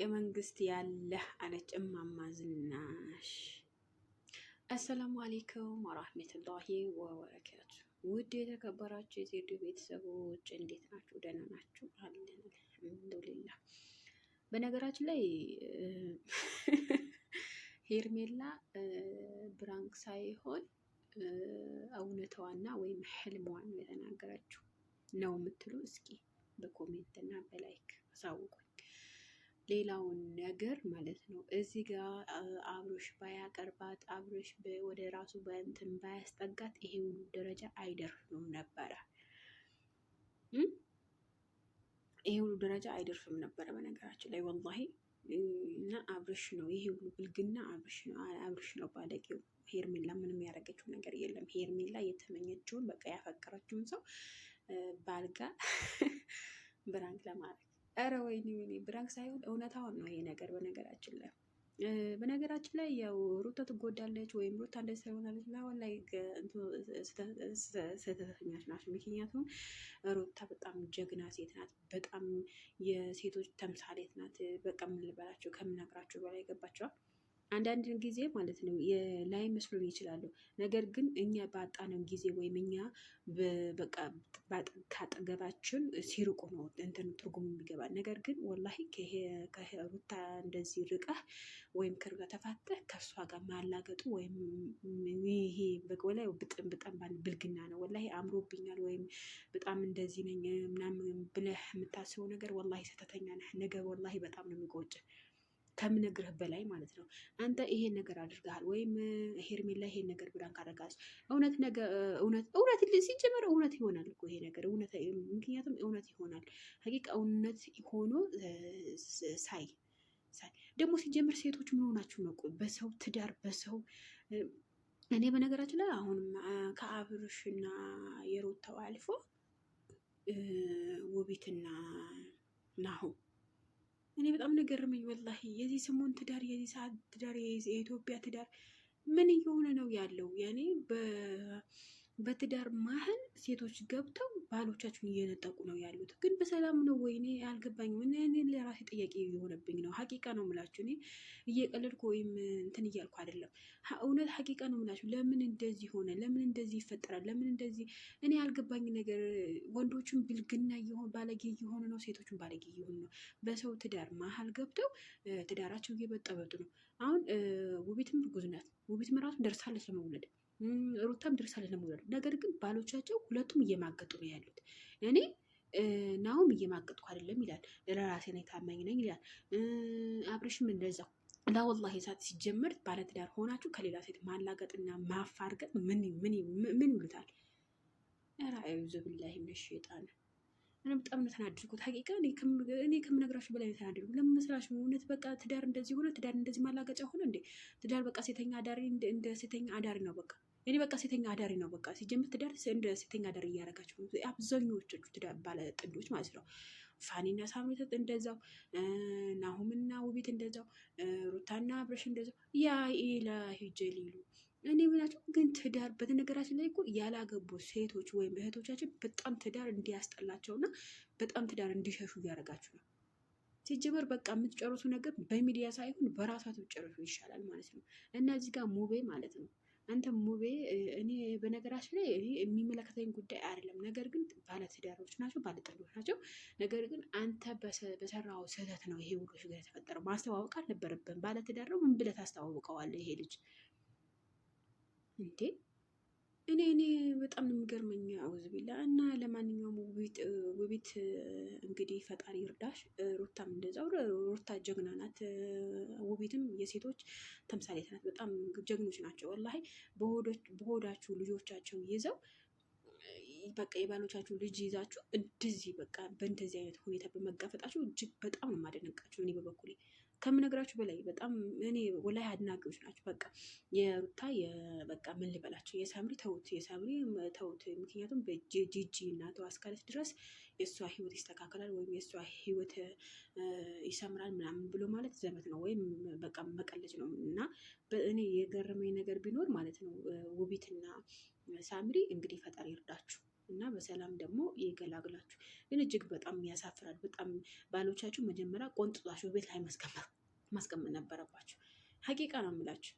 የመንግስት ያለ አለች እማማ ዝናሽ። አሰላሙ አሌይኩም ወራህመቱላሂ ወበረካቱ። ውድ የተከበራችሁ የዜዱ ቤተሰቦች እንዴት ናችሁ? ደህና ናችሁ? አለን አልሐምዱሊላህ። በነገራችን ላይ ሄርሜላ ብራንክ ሳይሆን እውነታዋና ወይም ህልሟን የተናገረችው ነው የምትሉ እስኪ በኮሜንት እና በላይክ አሳውቁኝ። ሌላውን ነገር ማለት ነው እዚህ ጋር አብሮሽ ባያቀርባት አብሮሽ ወደ ራሱ በእንትን ባያስጠጋት ይሄ ሁሉ ደረጃ አይደርሱም ነበረ። ይሄ ሁሉ ደረጃ አይደርሱም ነበረ። በነገራችን ላይ ወላሂ እና አብርሽ ነው ይሄ ሁሉ ብልግና አብርሽ ነው አብርሽ ነው ባለጌው። ሄርሜላ ምንም ያደረገችው ነገር የለም። ሄርሜላ የተመኘችውን በቃ ያፈቀረችውን ሰው ባልጋ ብራንክ ለማድረግ ኧረ ወይኔ ወይኔ ብራንክ ሳይሆን እውነታውን ነው ይሄ ነገር በነገራችን ላይ በነገራችን ላይ ያው ሩታ ትጎዳለች ወይም ሩታ እንደዚህ ሳይሆናለች ምናምን ላይ ስህተተኞች ናቸው። ምክንያቱም ሩታ በጣም ጀግና ሴት ናት። በጣም የሴቶች ተምሳሌት ናት። በቃ ምን ልበላቸው ከምናግራቸው በላይ ገባቸዋል። አንዳንድ ጊዜ ማለት ነው ላይ መስሎን ይችላሉ። ነገር ግን እኛ በአጣነው ጊዜ ወይም እኛ በቃ ካጠገባችን ሲርቁ ነው እንትን ትርጉም የሚገባ ነገር ግን ወላሂ ከሩታ እንደዚህ ርቀህ ወይም ከሩታ ተፋተህ ከእሷ ጋር ማላገጡ ወይም ይሄ በላይ ወላሂ በጣም በጣም ብልግና ነው። ወላሂ አምሮብኛል ወይም በጣም እንደዚህ ነኝ ምናምን ብለህ የምታስበው ነገር ወላሂ ሰተተኛ ነህ። ነገር ወላሂ በጣም ነው የሚቆጭ ከምነግርህ በላይ ማለት ነው። አንተ ይሄን ነገር አድርገሃል ወይም ሄርሜላ ይሄን ነገር ብላን ካደረጋች እውነት እውነት ሲጀመር እውነት ይሆናል እኮ ይሄ ነገር እውነት፣ ምክንያቱም እውነት ይሆናል። ሀቂቃ እውነት ሆኖ ሳይ ሳይ ደግሞ ሲጀመር ሴቶች ምን ሆናችሁ ነው? በሰው ትዳር በሰው እኔ በነገራችን ላይ አሁንም ከአብርሽና የሮታው አልፎ ውቢትና ናሁን እኔ በጣም ነገርመኝ ወላሂ። የዚህ ስሙን ትዳር፣ የዚህ ሰዓት ትዳር፣ የኢትዮጵያ ትዳር ምን እየሆነ ነው ያለው? ያኔ በትዳር መሀል ሴቶች ገብተው ባህሎቻችሁን እየነጠቁ ነው ያሉት። ግን በሰላም ነው ወይ? እኔ አልገባኝም። እኔ ለራሴ ጥያቄ እየሆነብኝ ነው። ሀቂቃ ነው ምላችሁ። እኔ እየቀለድኩ ወይም እንትን እያልኩ አይደለም። እውነት ሀቂቃ ነው ምላችሁ። ለምን እንደዚህ ሆነ? ለምን እንደዚህ ይፈጠራል? ለምን እንደዚህ እኔ አልገባኝ ነገር ወንዶችን ብልግና እየሆን ባለጌ እየሆኑ ነው፣ ሴቶችን ባለጌ እየሆኑ ነው። በሰው ትዳር መሀል ገብተው ትዳራቸው እየበጠበጡ ነው። አሁን ውቢትም እርጉዝ ናት። ውቤትም ራሱ ደርሳለች ለመውለድ ሩታም ድረስ ለመውለድ። ነገር ግን ባሎቻቸው ሁለቱም እየማገጡ ነው ያሉት። እኔ ናሁም እየማገጥኩ አይደለም ይላል፣ ለራሴ ነው የታማኝ ነኝ ይላል። አብሬሽም እንደዛው ላወላ የሳት ሲጀመር ባለትዳር ሆናችሁ ከሌላ ሴት ማላገጥና ማፋርገጥ ምን ምን ይሉታል? ራአዩ ብላሂ ምነሽ ሸጣን በጣም ነው ተናደድኩት። ሀቂቃ እኔ ከምነግራችሁ በላይ ነው ተናደድኩት። ለምን መስላችሁ? እውነት በቃ ትዳር እንደዚህ ሆነ? ትዳር እንደዚህ ማላገጫ ሆነ እንዴ? ትዳር በቃ ሴተኛ አዳሪ እንደ ሴተኛ አዳሪ ነው በቃ እኔ በቃ ሴተኛ አዳሪ ነው። በቃ ሲጀምር ትዳር እንደ ሴተኛ አዳሪ እያደረጋቸው ነው አብዛኞቹ ባለ ጥንዶች ማለት ነው። ፋኒና ሳምሪት እንደዛው፣ ናሁምና ውቢት እንደዛው፣ ሩታና ብረሽ እንደዛው። ያ ኢላ ሂጀል እኔ ምላቸው ግን ትዳር በነገራችን ላይ እኮ ያላገቡ ሴቶች ወይም እህቶቻችን በጣም ትዳር እንዲያስጠላቸውና በጣም ትዳር እንዲሸሹ እያደረጋችሁ ነው። ሲጀመር በቃ የምትጨርሱ ነገር በሚዲያ ሳይሆን በራሳት ትጨርሱ ይሻላል ማለት ነው። እና እዚህ ጋር ሙቤ ማለት ነው አንተ ሙቤ እኔ በነገራችን ላይ የሚመለከተኝ ጉዳይ አይደለም። ነገር ግን ባለትዳሮች ናቸው፣ ባለጥንዶች ናቸው። ነገር ግን አንተ በሰራው ስህተት ነው ይሄ ሁሉ ችግር የተፈጠረው። ማስተዋወቅ አልነበረብን። ባለትዳር ነው ምን ብለህ ታስተዋውቀዋለህ? ይሄ ልጅ እንዴ እኔ እኔ በጣም ነው የሚገርመኝ። አውዝ ቢላ እና ለማንኛውም ውቢት እንግዲህ ፈጣሪ እርዳሽ፣ ሩታም እንደዛው። ሩታ ጀግና ናት፣ ውቢትም የሴቶች ተምሳሌት ናት። በጣም ጀግኖች ናቸው። ወላሂ በሆዳችሁ ልጆቻቸው ይዘው በቃ የባሎቻችሁ ልጅ ይዛችሁ እንደዚህ በቃ በእንደዚህ አይነት ሁኔታ በመጋፈጣችሁ እጅግ በጣም ነው የማደነቃችሁ እኔ በበኩሌ ከምነግራችሁ በላይ በጣም እኔ ወላይ አድናቂዎች ናቸው። በቃ የሩታ በቃ ምን ልበላቸው፣ የሳምሪ ተውት፣ የሳምሪ ተውት። ምክንያቱም በጂጂ እናቷ እስካለች ድረስ የእሷ ህይወት ይስተካከላል ወይም የእሷ ህይወት ይሰምራል ምናምን ብሎ ማለት ዘመት ነው ወይም በቃ መቀለጅ ነው እና እኔ የገረመኝ ነገር ቢኖር ማለት ነው ውቢትና ሳምሪ እንግዲህ ፈጣሪ ይርዳችሁ። እና በሰላም ደግሞ ይገላግላችሁ። ግን እጅግ በጣም ያሳፍራል። በጣም ባሎቻችሁ መጀመሪያ ቆንጥጧችሁ ቤት ላይ ማስቀመጥ ነበረባችሁ። ሀቂቃ ነው የምላችሁ።